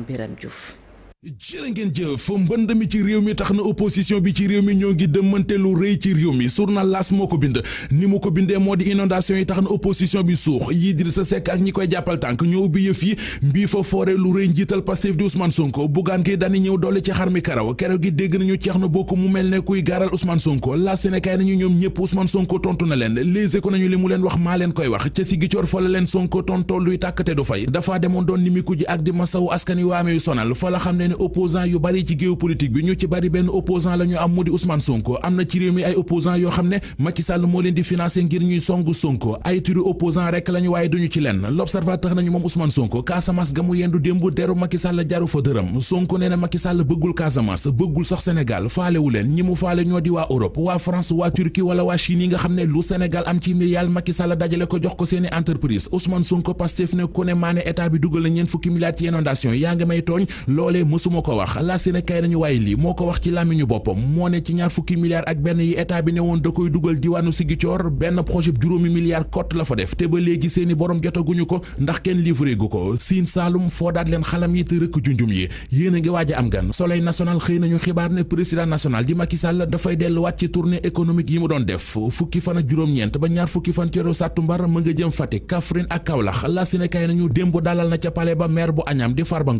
Birame Diouf jërë ngeen jëf mbënd mi ci réew mi tax na opposition bi ci réew mi ñoo ngi dëmmante lu rëy ci réew mi journal L'As moo ko bind ni mu ko bindee moo di inondation yi tax na opposition bi suux Idrissa Seck ak ñi koy jàppal tànk ñoo ubbi yëf yi mbii fa foore lu rëy njiital Pastef di Ousmane Sonko buggaan gi dani ñëw doole ci xar mi karaw keroog gi dégg nañu ceex na bokk mu mel ne kuy gaaral Ousmane Sonko la Sénégal nañu ñoom ñëpp Ousmane Sonko tontu wax maa leen koy wax ca si gi ne opposant yu bari ci géopolitique bi ñu ci bari benn opposant la ñu am mu di Ousmane Sonko am na ci réew mi ay opposant yoo xam ne Macky moo leen di financé ngir ñuy songu Sonko ay turu opposant rek la waaye duñu ci lenn l'observateur nañu moom Ousmane Sonko Casamance ga mu yendu démb deru Macky Sall jaru fa dërëm Sonko nee na Macky bëggul Casamance bëggul sax Sénégal faalewu leen ñi mu faale ñoo di waa Europe waa France waa Turquie wala waa Chine nga xam am ci miliyaar Macky Sall dajale ko jox ko seeni entreprise Ousmane Sonko Pastef mësuma ko wax la si ne kay nañu waaye lii moo ko wax ci làmmiñu boppam moo ne ci ñaar fukki milliards ak benn yi état bi ne woon da koy dugal diwaanu Sigicoor benn projet juróomi milliards cote la fa def te ba léegi seeni borom jotaguñu ko ndax kenn livré gu ko Sine Saalum foo daat leen xalam yi te rëkk junjum yi yéen a ngi waaj a am gan Soleil national xëy nañu xibaar ne président national di Macky Sall dafay delluwaat ci tournée économique yi mu doon def fukki fan ak juróom-ñeent ba ñaar fan ceeru sàttumbar mu nga jëm la si ne kay nañu démb na ca palais ba maire bu Agnam di Farba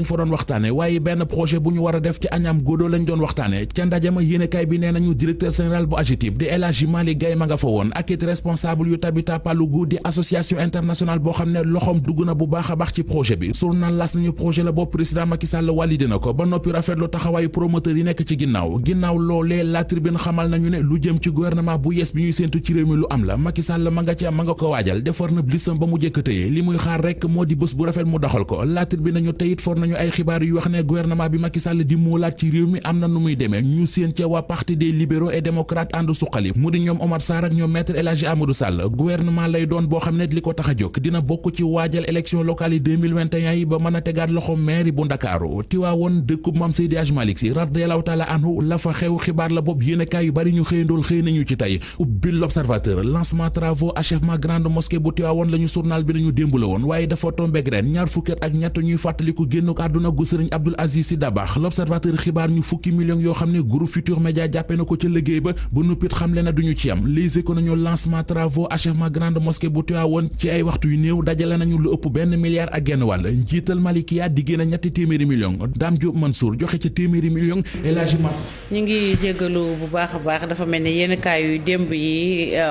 lañ fa doon waxtaane waaye benn projet bu war a def ci añaam góodoo lañ doon waxtaane ca ndajama yéenekaay bi nee nañu directeur général bu AGETIP di El Hadji Malick Gaye ma nga fa woon ak it responsable yu boo xam ne loxoom dugg na bu baax a baax ci projet bi journal las nañu projet la boobu président Macky Sall validé na ko ba noppi rafetlu taxawaayu promoteur yi nekk ci ginnaaw ginnaaw loolee la tribune xamal nañu ne lu jëm ci gouvernement bu yees bi ñuy séentu ci réew mi lu am la Macky Sall ma nga ca ma nga ko waajal defar na blisam ba mu jëkkatëyee li muy xaar rek moo di bés bu rafet mu doxal ko la tribune nañu teyit for nañu nañu ay xibaar yu wax ne gouvernement bi Macky Sall di muulaat ci réew mi am na nu muy demee ñu seen ca waa parti des libéraux et démocrates ànd suqali mu di ñoom Omar Sarr ak ñoom maître El Hadji Amadou Sall gouvernement lay doon boo xam ne li ko tax a dina bokk ci waajal élection locale yi ba mën a tegaat loxo maire bu Ndakaaru Tiwaawoon dëkkub Maam Seydi Hadji Malick Si radiyallahu taala anhu la fa xew xibaar la bopp yéenekaay bari ñu xëy nañu àdduna gu sëriñ Abdoul Aziz Sy Dabakh l'observateur xibaar ñu fukki millions yoo xam ne groupe Futur Média jàppe na ko ca liggéey ba ba nuppit xamle na duñu ci am Les Échos nañu lancement travaux achèvement grande mosquée bu Tivaouane ci ay waxtu yu néew dajale nañu lu ëpp benn milliard ak genn wàll njiital Malikia diggée na ñetti téeméeri millions Dame Diop Mansour joxe ca téeméeri millions élagement ñu ngi jégalu bu baax a baax dafa mel ne